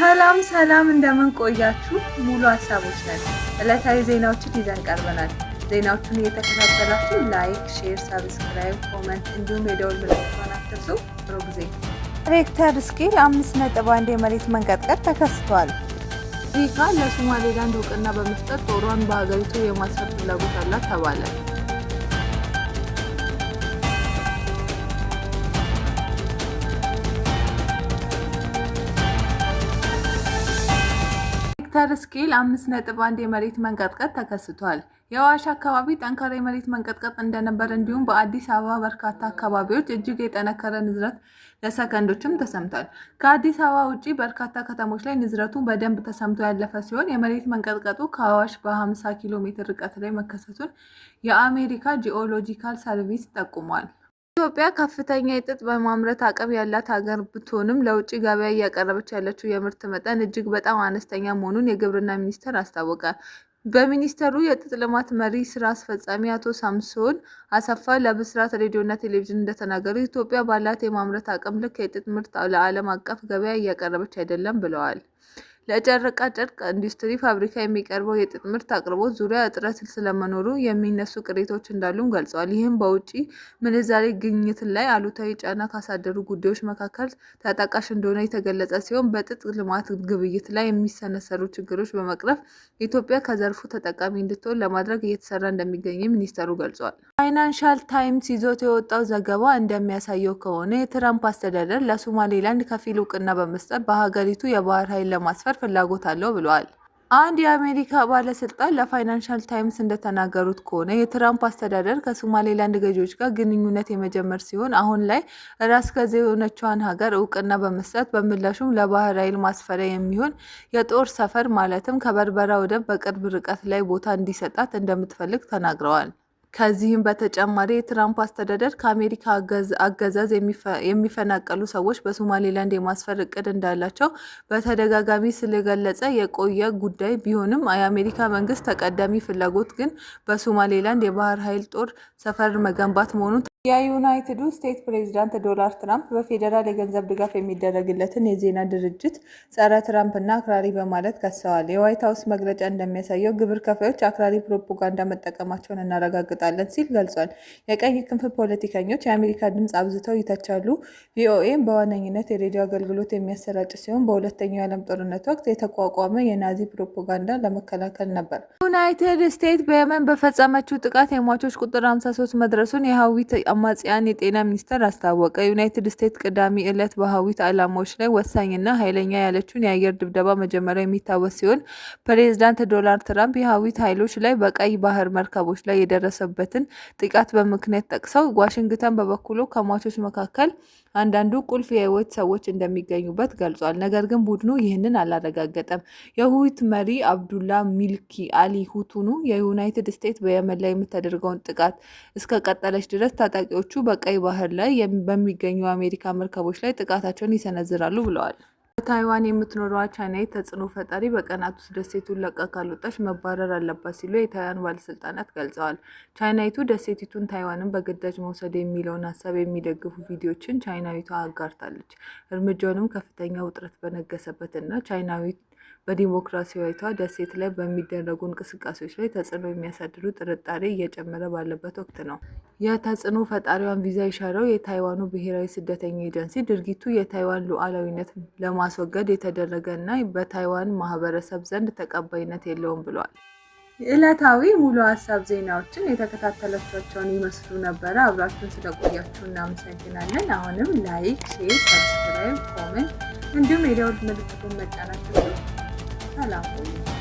ሰላም ሰላም፣ እንደምን ቆያችሁ? ሙሉ ሀሳቦች ነን። ዕለታዊ ዜናዎችን ይዘን ቀርበናል። ዜናዎቹን እየተከታተላችሁ ላይክ፣ ሼር፣ ሰብስክራይብ፣ ኮመንት እንዲሁም የደውል ምልክቷን አትርሱ። ጥሩ ጊዜ። ሬክተር ስኬል አምስት ነጥብ አንድ የመሬት መንቀጥቀጥ ተከስቷል። ዚካ ለሶማሌላንድ እውቅና በመስጠት ጦሯን በሀገሪቱ የማስፈር ፍላጎት አላት ተባለ። በሬክተር ስኬል አምስት ነጥብ አንድ የመሬት መንቀጥቀጥ ተከስቷል። የአዋሽ አካባቢ ጠንካራ የመሬት መንቀጥቀጥ እንደነበር እንዲሁም በአዲስ አበባ በርካታ አካባቢዎች እጅግ የጠነከረ ንዝረት ለሰከንዶችም ተሰምቷል። ከአዲስ አበባ ውጭ በርካታ ከተሞች ላይ ንዝረቱ በደንብ ተሰምቶ ያለፈ ሲሆን የመሬት መንቀጥቀጡ ከአዋሽ በ50 ኪሎ ሜትር ርቀት ላይ መከሰቱን የአሜሪካ ጂኦሎጂካል ሰርቪስ ጠቁሟል። ኢትዮጵያ ከፍተኛ የጥጥ በማምረት አቅም ያላት ሀገር ብትሆንም ለውጭ ገበያ እያቀረበች ያለችው የምርት መጠን እጅግ በጣም አነስተኛ መሆኑን የግብርና ሚኒስቴር አስታወቀ። በሚኒስቴሩ የጥጥ ልማት መሪ ስራ አስፈጻሚ አቶ ሳምሶን አሰፋ ለብስራት ሬዲዮና ቴሌቪዥን እንደተናገሩ ኢትዮጵያ ባላት የማምረት አቅም ልክ የጥጥ ምርት ለዓለም አቀፍ ገበያ እያቀረበች አይደለም ብለዋል። ለጨርቃ ጨርቅ ኢንዱስትሪ ፋብሪካ የሚቀርበው የጥጥ ምርት አቅርቦት ዙሪያ እጥረት ስለመኖሩ የሚነሱ ቅሬታዎች እንዳሉም ገልጸዋል። ይህም በውጪ ምንዛሬ ግኝት ላይ አሉታዊ ጫና ካሳደሩ ጉዳዮች መካከል ተጠቃሽ እንደሆነ የተገለጸ ሲሆን በጥጥ ልማት ግብይት ላይ የሚሰነሰሩ ችግሮች በመቅረፍ ኢትዮጵያ ከዘርፉ ተጠቃሚ እንድትሆን ለማድረግ እየተሰራ እንደሚገኝ ሚኒስተሩ ገልጿል። ፋይናንሻል ታይምስ ይዞት የወጣው ዘገባ እንደሚያሳየው ከሆነ የትራምፕ አስተዳደር ለሶማሌላንድ ከፊል እውቅና በመስጠት በሀገሪቱ የባህር ኃይል ለማስፈር ለመመስከር ፍላጎት አለው ብለዋል። አንድ የአሜሪካ ባለስልጣን ለፋይናንሻል ታይምስ እንደተናገሩት ከሆነ የትራምፕ አስተዳደር ከሶማሌላንድ ገዢዎች ጋር ግንኙነት የመጀመር ሲሆን አሁን ላይ ራስ ገዝ የሆነችዋን ሀገር እውቅና በመስጠት በምላሹም ለባህር ኃይል ማስፈሪያ የሚሆን የጦር ሰፈር ማለትም ከበርበራ ወደብ በቅርብ ርቀት ላይ ቦታ እንዲሰጣት እንደምትፈልግ ተናግረዋል። ከዚህም በተጨማሪ የትራምፕ አስተዳደር ከአሜሪካ አገዛዝ የሚፈናቀሉ ሰዎች በሶማሌላንድ የማስፈር እቅድ እንዳላቸው በተደጋጋሚ ስለገለጸ የቆየ ጉዳይ ቢሆንም የአሜሪካ መንግስት ተቀዳሚ ፍላጎት ግን በሶማሌላንድ የባህር ኃይል ጦር ሰፈር መገንባት መሆኑን የዩናይትዱ ስቴትስ ፕሬዚዳንት ዶናልድ ትራምፕ በፌዴራል የገንዘብ ድጋፍ የሚደረግለትን የዜና ድርጅት ጸረ ትራምፕና አክራሪ በማለት ከሰዋል። የዋይት ሀውስ መግለጫ እንደሚያሳየው ግብር ከፋዮች አክራሪ ፕሮፓጋንዳ መጠቀማቸውን እናረጋግጣለን ሲል ገልጿል። የቀኝ ክንፍ ፖለቲከኞች የአሜሪካ ድምፅ አብዝተው ይተቻሉ። ቪኦኤም በዋነኝነት የሬዲዮ አገልግሎት የሚያሰራጭ ሲሆን በሁለተኛው የዓለም ጦርነት ወቅት የተቋቋመ የናዚ ፕሮፓጋንዳ ለመከላከል ነበር። ዩናይትድ ስቴትስ በየመን በፈጸመችው ጥቃት የሟቾች ቁጥር 53 መድረሱን የሀዊት አማጽያን የጤና ሚኒስቴር አስታወቀ። ዩናይትድ ስቴትስ ቅዳሜ ዕለት በሐዊት ዓላማዎች ላይ ወሳኝና ኃይለኛ ያለችውን የአየር ድብደባ መጀመሪያ የሚታወስ ሲሆን ፕሬዚዳንት ዶናልድ ትራምፕ የሐዊት ኃይሎች ላይ በቀይ ባህር መርከቦች ላይ የደረሰበትን ጥቃት በምክንያት ጠቅሰው፣ ዋሽንግተን በበኩሉ ከሟቾች መካከል አንዳንዱ ቁልፍ የህይወት ሰዎች እንደሚገኙበት ገልጿል። ነገር ግን ቡድኑ ይህንን አላረጋገጠም። የሁቲ መሪ አብዱላ ሚልኪ አሊ ሁቱኑ የዩናይትድ ስቴትስ በየመን ላይ የምታደርገውን ጥቃት እስከቀጠለች ድረስ ታጣቂዎቹ በቀይ ባህር ላይ በሚገኙ የአሜሪካ መርከቦች ላይ ጥቃታቸውን ይሰነዝራሉ ብለዋል። በታይዋን የምትኖረዋ ቻይና ተጽዕኖ ፈጣሪ በቀናት ውስጥ ደሴቱን ለቃ ካልወጣች መባረር አለባት ሲሉ የታይዋን ባለስልጣናት ገልጸዋል። ቻይናዊቱ ደሴቲቱን ታይዋንን በግዳጅ መውሰድ የሚለውን ሀሳብ የሚደግፉ ቪዲዮዎችን ቻይናዊቷ አጋርታለች። እርምጃውንም ከፍተኛ ውጥረት በነገሰበት እና ቻይናዊት በዲሞክራሲያዊቷ ደሴት ላይ በሚደረጉ እንቅስቃሴዎች ላይ ተጽዕኖ የሚያሳድሩ ጥርጣሬ እየጨመረ ባለበት ወቅት ነው። የተጽዕኖ ፈጣሪዋን ቪዛ የሻረው የታይዋኑ ብሔራዊ ስደተኛ ኤጀንሲ ድርጊቱ የታይዋን ሉዓላዊነት ለማስወገድ የተደረገ እና በታይዋን ማህበረሰብ ዘንድ ተቀባይነት የለውም ብሏል። ዕለታዊ ሙሉ ሀሳብ ዜናዎችን የተከታተላችኋቸውን ይመስሉ ነበረ። አብራችሁን ስለቆያችሁ እናመሰግናለን። አሁንም ላይክ፣ ሼር፣ ሰብስክራይብ፣ ኮሜንት እንዲሁም የደውል ምልክቱን መጫናችሁ não não.